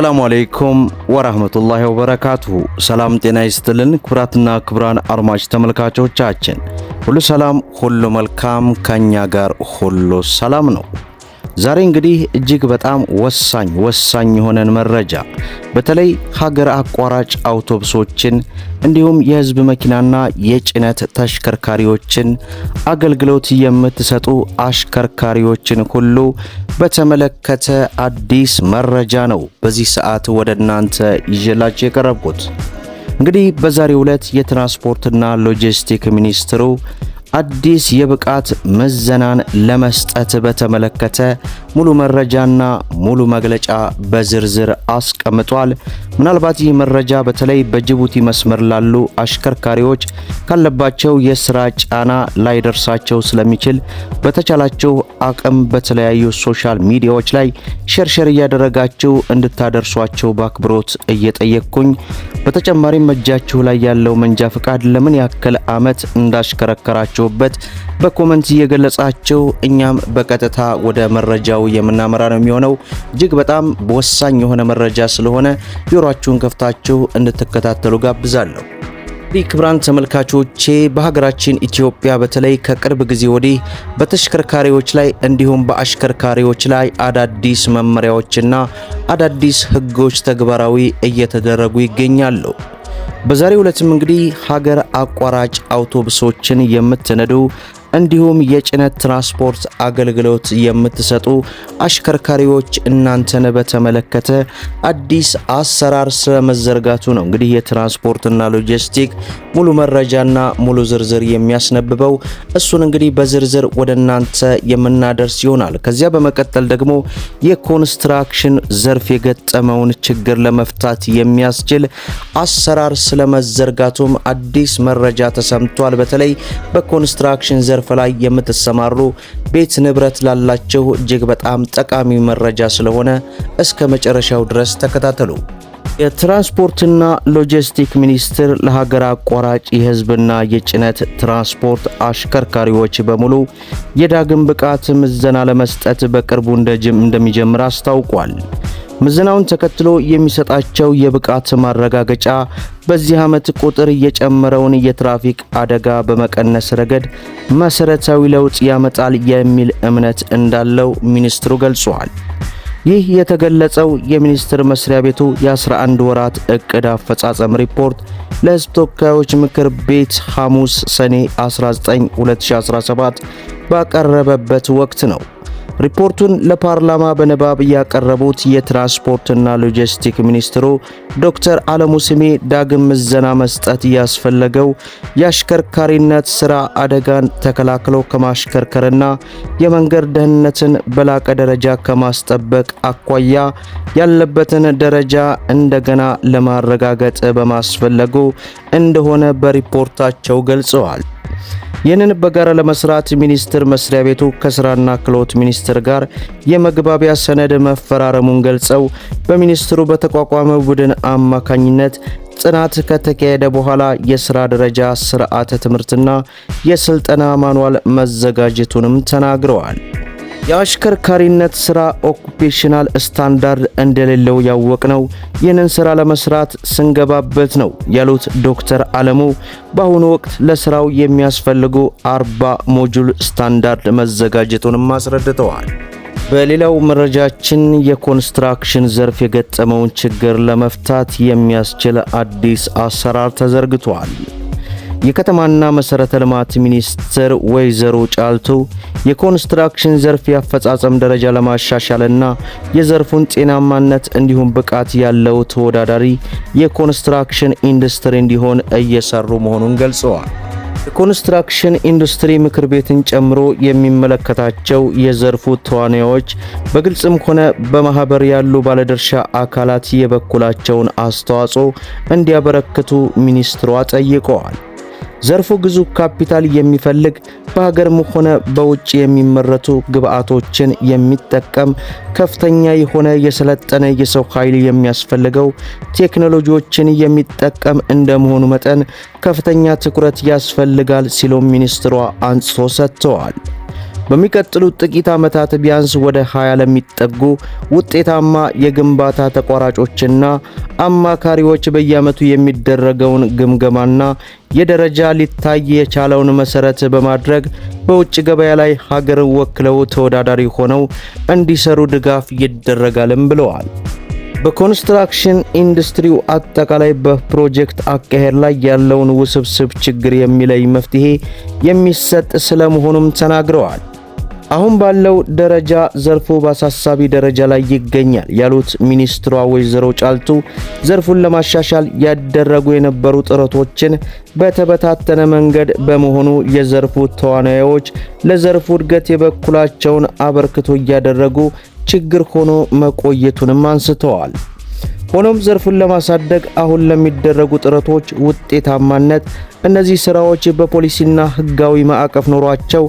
ሰላሙ አለይኩም ወራህመቱላሂ ወበረካቱሁ። ሰላም ጤና ይስጥልን ክብራትና ክብራን አድማጭ ተመልካቾቻችን ሁሉ ሰላም ሁሉ መልካም፣ ከኛ ጋር ሁሉ ሰላም ነው። ዛሬ እንግዲህ እጅግ በጣም ወሳኝ ወሳኝ የሆነን መረጃ በተለይ ሀገር አቋራጭ አውቶቡሶችን እንዲሁም የህዝብ መኪናና የጭነት ተሽከርካሪዎችን አገልግሎት የምትሰጡ አሽከርካሪዎችን ሁሉ በተመለከተ አዲስ መረጃ ነው በዚህ ሰዓት ወደ እናንተ ይዤላችሁ የቀረብኩት። እንግዲህ በዛሬው ዕለት የትራንስፖርትና ሎጂስቲክ ሚኒስትሩ አዲስ የብቃት ምዘናን ለመስጠት በተመለከተ ሙሉ መረጃና ሙሉ መግለጫ በዝርዝር አስቀምጧል። ምናልባት ይህ መረጃ በተለይ በጅቡቲ መስመር ላሉ አሽከርካሪዎች ካለባቸው የስራ ጫና ላይደርሳቸው ስለሚችል በተቻላቸው አቅም በተለያዩ ሶሻል ሚዲያዎች ላይ ሸርሸር እያደረጋችሁ እንድታደርሷቸው በአክብሮት እየጠየቅኩኝ በተጨማሪም እጃችሁ ላይ ያለው መንጃ ፈቃድ ለምን ያክል ዓመት እንዳሽከረከራችሁ እንደተደሰታችሁበት በኮመንት እየገለጻችሁ እኛም በቀጥታ ወደ መረጃው የምናመራ ነው የሚሆነው። እጅግ በጣም ወሳኝ የሆነ መረጃ ስለሆነ ጆሯችሁን ከፍታችሁ እንድትከታተሉ ጋብዛለሁ። እንግዲህ ተመልካቾቼ በሀገራችን ኢትዮጵያ በተለይ ከቅርብ ጊዜ ወዲህ በተሽከርካሪዎች ላይ እንዲሁም በአሽከርካሪዎች ላይ አዳዲስ መመሪያዎችና አዳዲስ ሕጎች ተግባራዊ እየተደረጉ ይገኛሉ። በዛሬው ዕለትም እንግዲህ ሀገር አቋራጭ አውቶቡሶችን የምትነዱ እንዲሁም የጭነት ትራንስፖርት አገልግሎት የምትሰጡ አሽከርካሪዎች እናንተን በተመለከተ አዲስ አሰራር ስለመዘርጋቱ ነው። እንግዲህ የትራንስፖርትና ሎጂስቲክ ሙሉ መረጃና ሙሉ ዝርዝር የሚያስነብበው እሱን እንግዲህ በዝርዝር ወደ እናንተ የምናደርስ ይሆናል። ከዚያ በመቀጠል ደግሞ የኮንስትራክሽን ዘርፍ የገጠመውን ችግር ለመፍታት የሚያስችል አሰራር ስለመዘርጋቱም አዲስ መረጃ ተሰምቷል። በተለይ በኮንስትራክሽን ዘርፍ ዘርፍ ላይ የምትሰማሩ ቤት ንብረት ላላችሁ እጅግ በጣም ጠቃሚ መረጃ ስለሆነ እስከ መጨረሻው ድረስ ተከታተሉ። የትራንስፖርትና ሎጂስቲክ ሚኒስቴር ለሀገር አቋራጭ የህዝብና የጭነት ትራንስፖርት አሽከርካሪዎች በሙሉ የዳግም ብቃት ምዘና ለመስጠት በቅርቡ እንደሚጀምር አስታውቋል። ምዘናውን ተከትሎ የሚሰጣቸው የብቃት ማረጋገጫ በዚህ ዓመት ቁጥር የጨመረውን የትራፊክ አደጋ በመቀነስ ረገድ መሰረታዊ ለውጥ ያመጣል የሚል እምነት እንዳለው ሚኒስትሩ ገልጿል። ይህ የተገለጸው የሚኒስቴር መስሪያ ቤቱ የ11 ወራት እቅድ አፈጻጸም ሪፖርት ለሕዝብ ተወካዮች ምክር ቤት ሐሙስ ሰኔ 19 2017 ባቀረበበት ወቅት ነው። ሪፖርቱን ለፓርላማ በንባብ ያቀረቡት የትራንስፖርትና ሎጂስቲክ ሚኒስትሩ ዶክተር አለሙ ስሜ ዳግም ምዘና መስጠት ያስፈለገው የአሽከርካሪነት ስራ አደጋን ተከላክሎ ከማሽከርከርና የመንገድ ደህንነትን በላቀ ደረጃ ከማስጠበቅ አኳያ ያለበትን ደረጃ እንደገና ለማረጋገጥ በማስፈለጉ እንደሆነ በሪፖርታቸው ገልጸዋል። ይህንን በጋራ ለመስራት ሚኒስቴር መስሪያ ቤቱ ከስራና ክህሎት ሚኒስቴር ጋር የመግባቢያ ሰነድ መፈራረሙን ገልጸው በሚኒስትሩ በተቋቋመ ቡድን አማካኝነት ጥናት ከተካሄደ በኋላ የስራ ደረጃ ስርዓተ ትምህርትና የስልጠና ማንዋል መዘጋጀቱንም ተናግረዋል። የአሽከርካሪነት ስራ ኦኩፔሽናል ስታንዳርድ እንደሌለው ያወቅ ነው። ይህንን ስራ ለመስራት ስንገባበት ነው ያሉት ዶክተር አለሙ በአሁኑ ወቅት ለስራው የሚያስፈልጉ አርባ ሞጁል ስታንዳርድ መዘጋጀቱንም አስረድተዋል። በሌላው መረጃችን የኮንስትራክሽን ዘርፍ የገጠመውን ችግር ለመፍታት የሚያስችል አዲስ አሰራር ተዘርግቷል። የከተማና መሰረተ ልማት ሚኒስትር ወይዘሮ ጫልቱ የኮንስትራክሽን ዘርፍ የአፈጻጸም ደረጃ ለማሻሻልና የዘርፉን ጤናማነት እንዲሁም ብቃት ያለው ተወዳዳሪ የኮንስትራክሽን ኢንዱስትሪ እንዲሆን እየሰሩ መሆኑን ገልጸዋል። የኮንስትራክሽን ኢንዱስትሪ ምክር ቤትን ጨምሮ የሚመለከታቸው የዘርፉ ተዋናዮች በግልጽም ሆነ በማህበር ያሉ ባለድርሻ አካላት የበኩላቸውን አስተዋጽኦ እንዲያበረክቱ ሚኒስትሯ ጠይቀዋል። ዘርፉ ግዙፍ ካፒታል የሚፈልግ በሀገርም ሆነ በውጭ የሚመረቱ ግብዓቶችን የሚጠቀም ከፍተኛ የሆነ የሰለጠነ የሰው ኃይል የሚያስፈልገው ቴክኖሎጂዎችን የሚጠቀም እንደመሆኑ መጠን ከፍተኛ ትኩረት ያስፈልጋል ሲሉ ሚኒስትሯ አንጽቶ ሰጥተዋል። በሚቀጥሉት ጥቂት ዓመታት ቢያንስ ወደ 20 ለሚጠጉ ውጤታማ የግንባታ ተቋራጮችና አማካሪዎች በየዓመቱ የሚደረገውን ግምገማና የደረጃ ሊታይ የቻለውን መሰረት በማድረግ በውጭ ገበያ ላይ ሀገር ወክለው ተወዳዳሪ ሆነው እንዲሰሩ ድጋፍ ይደረጋልም ብለዋል። በኮንስትራክሽን ኢንዱስትሪው አጠቃላይ በፕሮጀክት አካሄድ ላይ ያለውን ውስብስብ ችግር የሚለይ መፍትሄ የሚሰጥ ስለመሆኑም ተናግረዋል። አሁን ባለው ደረጃ ዘርፉ በአሳሳቢ ደረጃ ላይ ይገኛል ያሉት ሚኒስትሯ ወይዘሮ ጫልቱ ዘርፉን ለማሻሻል ያደረጉ የነበሩ ጥረቶችን በተበታተነ መንገድ በመሆኑ የዘርፉ ተዋናዮች ለዘርፉ እድገት የበኩላቸውን አበርክቶ እያደረጉ ችግር ሆኖ መቆየቱንም አንስተዋል። ሆኖም ዘርፉን ለማሳደግ አሁን ለሚደረጉ ጥረቶች ውጤታማነት እነዚህ ስራዎች በፖሊሲና ህጋዊ ማዕቀፍ ኖሯቸው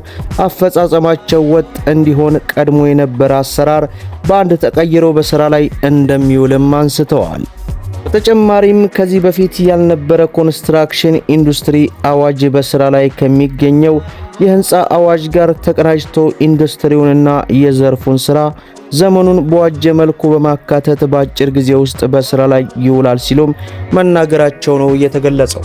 አፈጻጸማቸው ወጥ እንዲሆን ቀድሞ የነበረ አሰራር በአንድ ተቀይሮ በስራ ላይ እንደሚውልም አንስተዋል። በተጨማሪም ከዚህ በፊት ያልነበረ ኮንስትራክሽን ኢንዱስትሪ አዋጅ በስራ ላይ ከሚገኘው የህንፃ አዋጅ ጋር ተቀናጅቶ ኢንዱስትሪውንና የዘርፉን ስራ ዘመኑን በዋጀ መልኩ በማካተት በአጭር ጊዜ ውስጥ በስራ ላይ ይውላል ሲሉም መናገራቸው ነው የተገለጸው።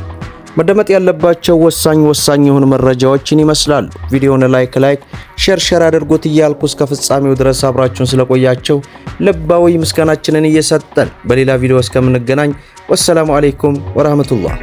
መደመጥ ያለባቸው ወሳኝ ወሳኝ የሆኑ መረጃዎችን ይመስላሉ። ቪዲዮውን ላይክ ላይክ ሼር ሼር አድርጉት እያልኩ እስከ ፍጻሜው ድረስ አብራችሁን ስለቆያቸው ልባዊ ምስጋናችንን እየሰጠን በሌላ ቪዲዮ እስከምንገናኝ ወሰላሙ አሌይኩም ወራህመቱላህ